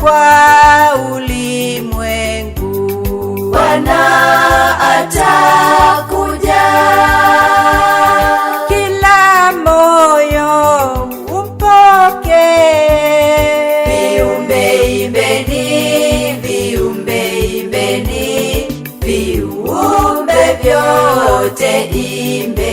kwa ulimwengu. Bwana atakuja, kila moyo umpokee. Viumbe imbeni, viumbe imbeni, viumbe vyote imbe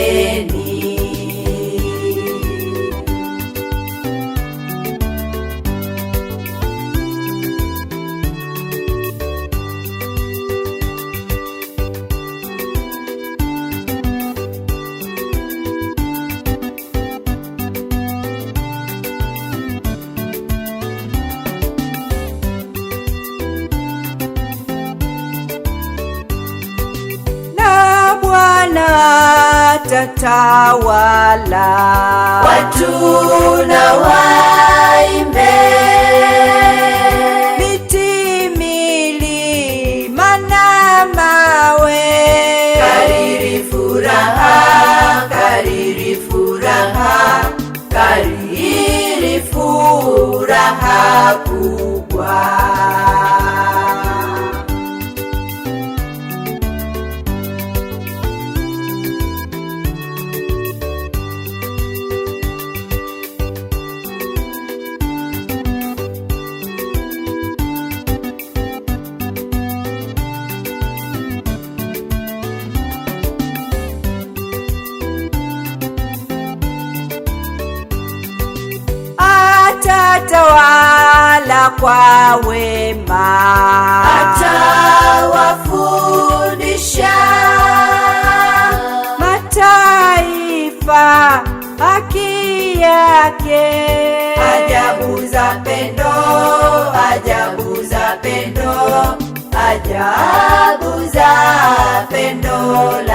tatawala. Watu na waimbe, miti, milima na mawe, kariri furaha, kariri furaha, kariri furaha utatawala kwa wema, atawafundisha mataifa haki yake, ajabu za pendo, ajabu za pendo, ajabu za pendo